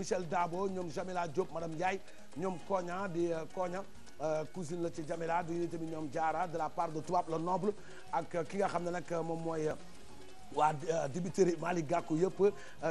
Michel daabo ñoom Jamila Diop madame Ndiaye ñoom Koña di euh, Koña euh, cousine la ci Jamila di tamit ñoom Diarra de la part de Toubab le noble ak euh, ki nga xam ne nag moom mooy. waa dibiteri Malick Gakou yëpp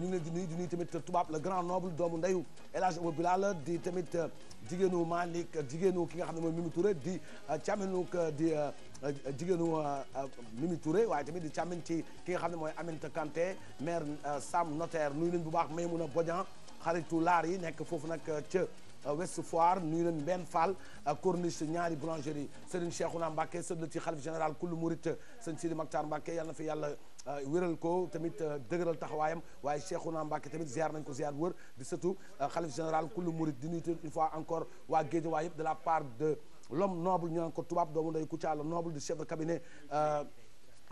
ñu ngi leen di di tamit tubaab la grand noble doomu ndeyu El Hadj Awa Bilal di tamit jigéenu Malick jigéenu ki nga xam ne mooy Mimi ture di càmminu di jigéenu Mimi Touré waaye tamit di càmmin ci ki nga xam ne mooy Aminata Kanté maire Sam Notaire nuyu leen bu baax Maymouna Bodian xaritu laar yi nekk foofu nag euh, ca euh, Ouest Foire nuyu leen benn Fall euh, corniche ñaari boulangerie Serigne Cheikhouna Mbacké sëdd ci xalif général kullu murit sëñ Sidi Maktar Mbacké yàlla na fi yàlla wéral ko tamit dëgëral taxawaayam waaye Cheikhouna Mbacké tamit ziar nañ ko ziar bu wër di sëtu xalif général kullu murit di nuyu une fois encore waa Guédiawaye yëpp de la part de l'homme noble ñu naan ko tubaab doomu nday Kouthia le noble du chef de cabinet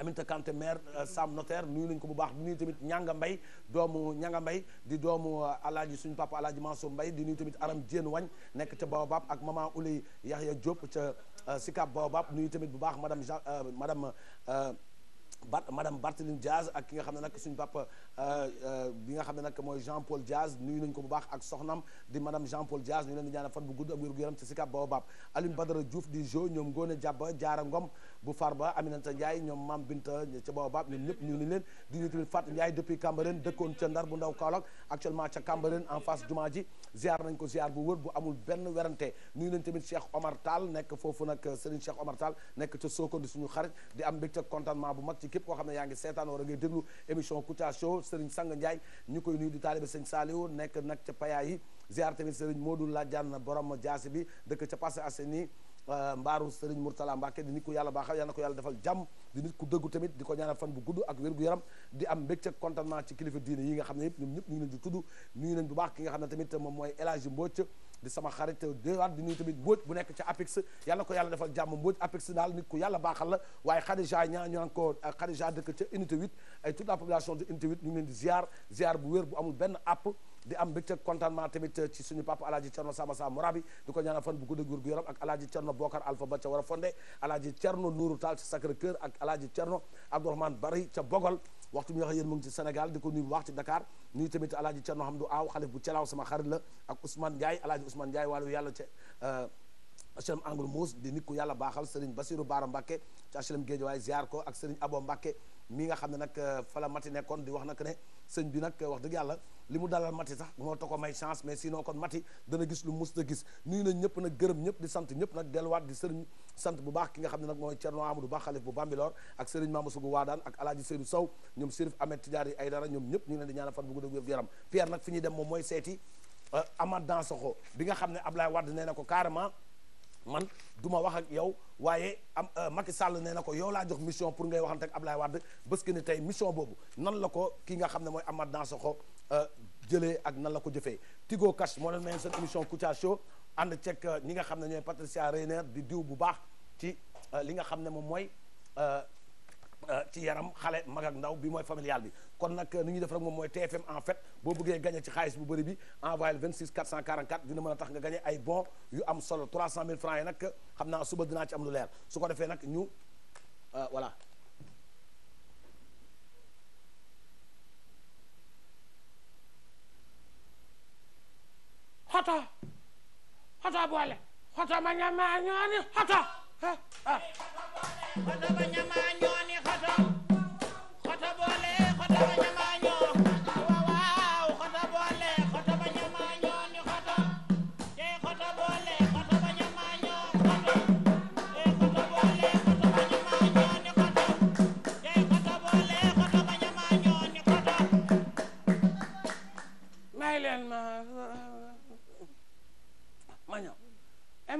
Aminata Kanté maire euh, Sam Notaire nuyu nañu ko bu baax di nuyu tamit Ñanga Mbay doomu Ñanga Mbay di doomu euh, alaaji suñu papa alaaji Mansour Mbay di nuyu tamit Aram Jéen Wañ nekk ca Baobab ak maman Ouley Yahya Diop ca euh, Sicap Baobab nuyu tamit bu baax madame Jean madame Bart madame Barthéline ak ki nga xam ne nag suñu papa bi nga xam ne nag mooy Jean Paul Diaz nuyu nañu ko bu baax ak soxnam di madame Jean Paul Diaz ñu leen di ñaanal fan bu gudd ak wér gu yaram ci Sicap Baobab Alioune Badara Diouf di jo ñoom Ngone Jaara Ngom bu Farba Aminata Ndiaye ñoom Mame Binta ca Baobab ñoom ñu ni leen di nuyu tamit Fatou Ndiaye depuis Cambérène dëkkoon ca Ndar bu ndaw Kaolack actuellement ca Cambérène en face jumaa ji ziar nañ ko ziar bu wër bu amul benn werante nuyu nañ tamit Cheikh Omar Tall nekk foofu nag euh, Serigne Cheikh Omar Tall nekk ca Sokone di suñu xarit di am mbégte contentement bu mag ci képp koo xam ne yaa ngi seetaan war a ngay déglu émission Kouthia Show Serigne Sang Ndiaye ñu koy nuyu di taalibe Serigne Saliou nekk nag ca Paya yi ziar tamit Serigne Modou Ladiane borom jaasi bi dëkk ca Passé Asseni Euh, mbaaru Serigne Mourtala Mbacke di nit ku yàlla baaxal yal na ko yàlla defal jàmm di nit ku dëggu tamit di ko ñaanal fan bu gudd ak wér-gu-yaram di am mbégte contentement ci kilifa diine yi nga xam ne yëpp ñoom ñëpp ñu ngi leen di tudd nuyu nañ bu baax ki nga xam ne tamit moom mooy El Hadji di sama xarit di nuyu tamit bu nekk ca APEX yal ko yàlla defal jàmm Mbodj APEX daal nit ku yàlla baaxal la waaye Khadija ñaa ñu naan ko euh, Khadija dëkk ca unité 8 ay toute la population de unité 8 ñu ngi di ziar ziar bu di am mbégte contentement tamit euh, ci suñu papa alaaji cerno sama sa mourabi di ko ñaanal fan bu gudd ak wér gu yaram ak alaaji cerno bokar alpha ba ca war a fondé alaaji cerno nuuru taal ci sacré cœur ak alaaji cerno abdourahmane bari ca bogol waxtu bi nga xam yéen mu ngi ci sénégal di ko nuyu bu baax ci dakar nuyu tamit alaaji cerno hamdu aaw xalif bu celaaw sama xarit la ak ousmane ndiaye alaaji ousmane ndiaye wàllu yàlla ca euh, HLM Angle Mousse di nit ku ak euh, wax nag bi euh, wax dëgg yàlla li mu dalal Mati sax moo tax ko may chance mais sinon ñëpp sant ñëpp nag delluwaat di sëriñ sant bu baax ki nga xam ne nag mooy Thierno Amadou Ba xalif bu Bambilor ak sëriñ Alaaji Seydou Sow ñoom Sérif Ahmed Tidiane ay dara ñoom ñëpp ñu leen di ñaanal fan bu gudd ak yaram Pierre nag fi ñuy dem moom mooy seeti euh, Amath Dansokho bi nga xam ne Ablaye Wade nee na ko carrément man du ma wax ak yow waaye am euh, Macky Sall nee na ko yow laa jox mission pour ngay waxante ak Ablaye Wade bés que ni tey mission boobu nan la ko ki nga xam ne mooy Amath Dansokho euh, jëlee ak nan la ko jëfee Tigo Cash moo leen mayoon seen émission Kouthia Show ànd ceeg euh, ñi nga xam ne ñooy Patricia Reyner di diw bu baax ci li nga xam ne moom mooy Euh, ci yaram xale mag ak ndaw bi mooy familial bi kon nag euh, ni ñuy def rek moom mooy TFM en fait boo bëggee gagné ci xaalis bu bari bi envoyé le 26 444 dina mën a tax nga gagné ay bon yu am solo 300 000 francs yi nag xam naa suba dinaa ci am lu leer su ko defee nag ñu euh, voilà. xoto xoto boole xoto ma ñamaa ñooni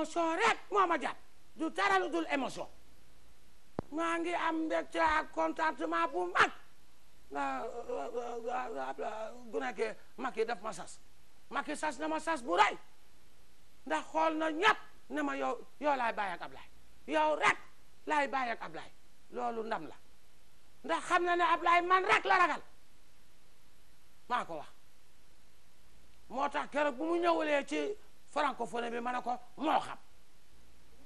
émotion rek moo ma jàpp du dara lu dul émotion maa ngi am mbégte ak contentement bu mag gune ke Macky daf ma sas Macky sas na ma sas bu rey ndax xool na ñépp ne ma yow yow laay bàyyi ak Ablaye yow rek laay bàyyi ak Ablaye loolu ndam la ndax xam na ne Ablaye man rek la ragal maa ko wax moo tax keroog bu mu ñëwulee ci francophone bi ma ne ko moo xam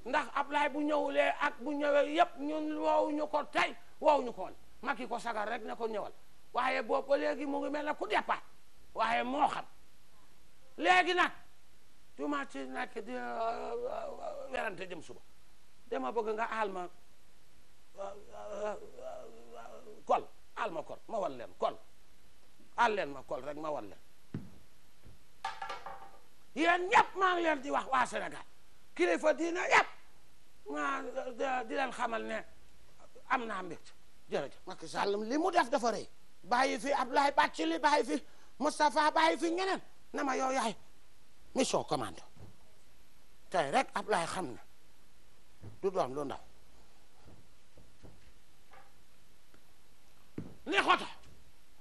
ndax Ablaye bu ñëwulee ak bu ñëwee yépp ñun woowu ñu ko tey woowu ñu ko mag Macky ko sagar rek ne ko ñëwal waaye boobu ba léegi mu ngi mel ne ku départ waaye moo xam léegi nag duma ci nekk di euh, euh, werante jëm suba dama bëgg nga aal ma kol euh, aal ma kol ma wan leen kol aal leen ma kol rek ma wan yéen ñëpp maa ngi leen di wax waa Sénégal kilifa diina yëpp maa di leen xamal ne am naa mbégte jërëjëf Macky Sall li mu def dafa rëy bàyyi fi Abdoulaye Bathily bàyyi fi Moustapha bàyyi fi ñeneen na ma yow yaay mission commande tey rek Abdoulaye xam ne du doon lu ndaw ni xoto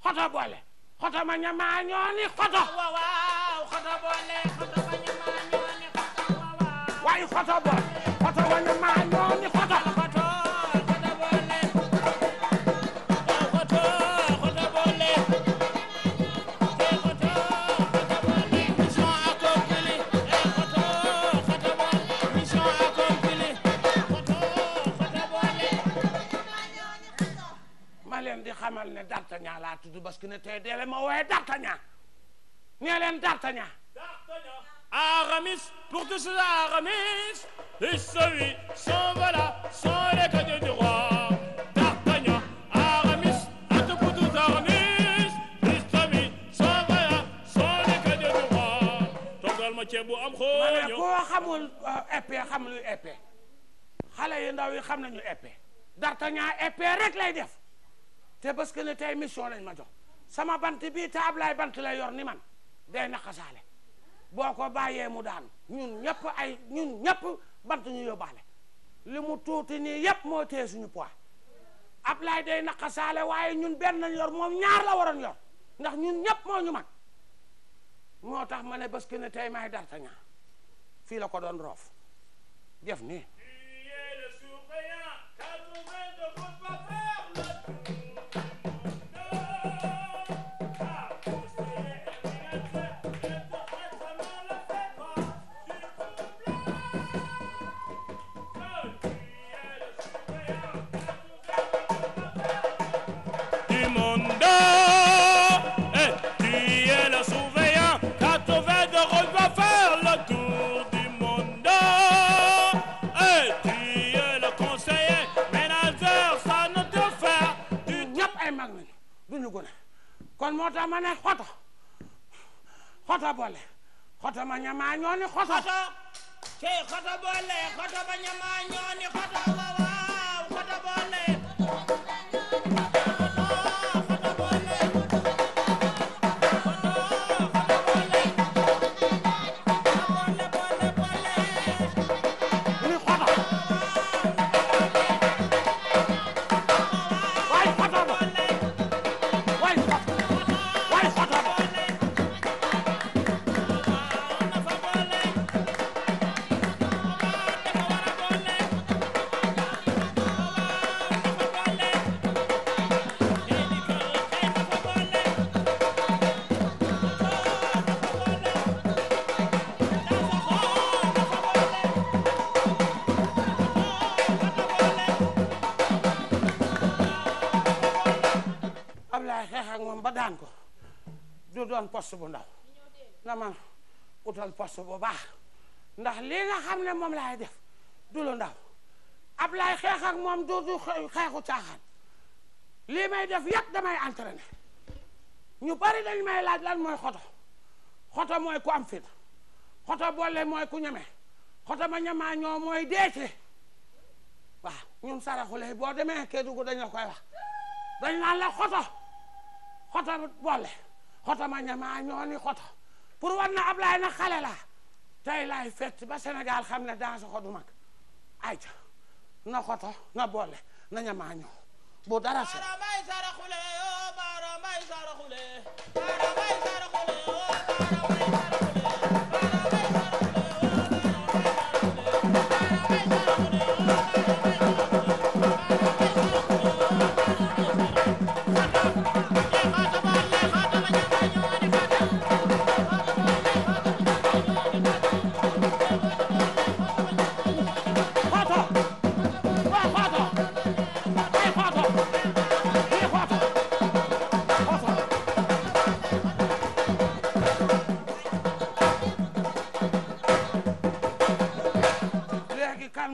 xoto boole xoto ma ñamaa ni xoto waaye xoto ba xoto ba ñu maa ñoo ni xoto ma leen di xamal ne dartaña laa tudd parce que ne tey deele ma wooye dartaña nee leen d'Artagnan Aramis pour tous Aramis et celui s'en va là sans les roi d'Artagnan Aramis à tout Aramis et celui s'en va là sans les roi toggal ma ceeb bu am xooño koo xamul euh, épée xam lu épée xale yu ndaw yi xam nañu épée d'Artagnan épée rek lay def te parce que ne tey mission lañ ma jox sama bant bii te Ablaye bant lay yor ni man day naqasaale boo ko bàyyee mu daan ñun ñëpp ay ñun ñëpp bant ñu yóbbaale li mu tuuti nii yëpp moo téye suñu poids Ablaye day naqasaale waaye ñun benn lañ yor moom ñaar la waroon yor ndax ñun ñëpp moo ñu mag moo tax ma ne bés que ne tey may darta ñaar fii la ko doon roof def nii xota ma ne xoto xota boole xota ma ñamaa ñoo ni xoto ci xota boole xota ma ñamaa ñoo ni xoto waaw xota boole daan ko du doon poste bu ndaw na man utal poste bu baax ndax lii nga xam ne moom lay def du lu ndaw ab laay xeex ak moom du du xeexu caaxaan lii may def yëpp damay entraîné ñu bari dañ may laaj lan mooy xoto xoto mooy ku am fit xoto boole mooy ku ñeme xoto ma ñamaa mooy deete waaw ñun saraxu boo demee Kédougou dañ la koy wax dañ la xoto xota boole xota ma ñamaa ñooni xota pour war na Ablaay na xale la tey laay fett ba Sénégal xam ne danse xodu mag ay na xoto na boole na ñamaa ñoo bu dara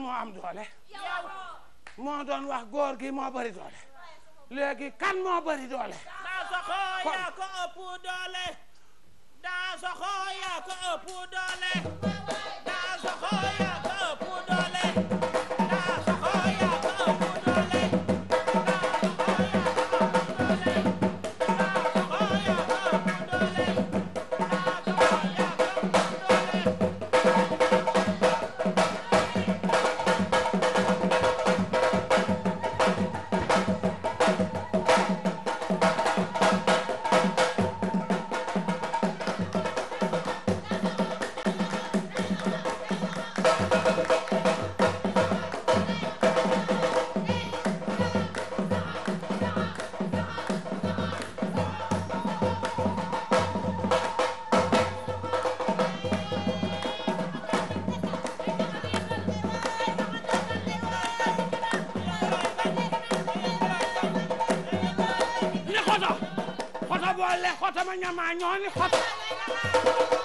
kan moo am doole moo doon wax góor gi moo bari doole léegi kan moo bari doole daa soxoo yaa ko ëpp doole daa soxoo yaa ko ëpp doole daa soxoo hotama ñama ñooni hot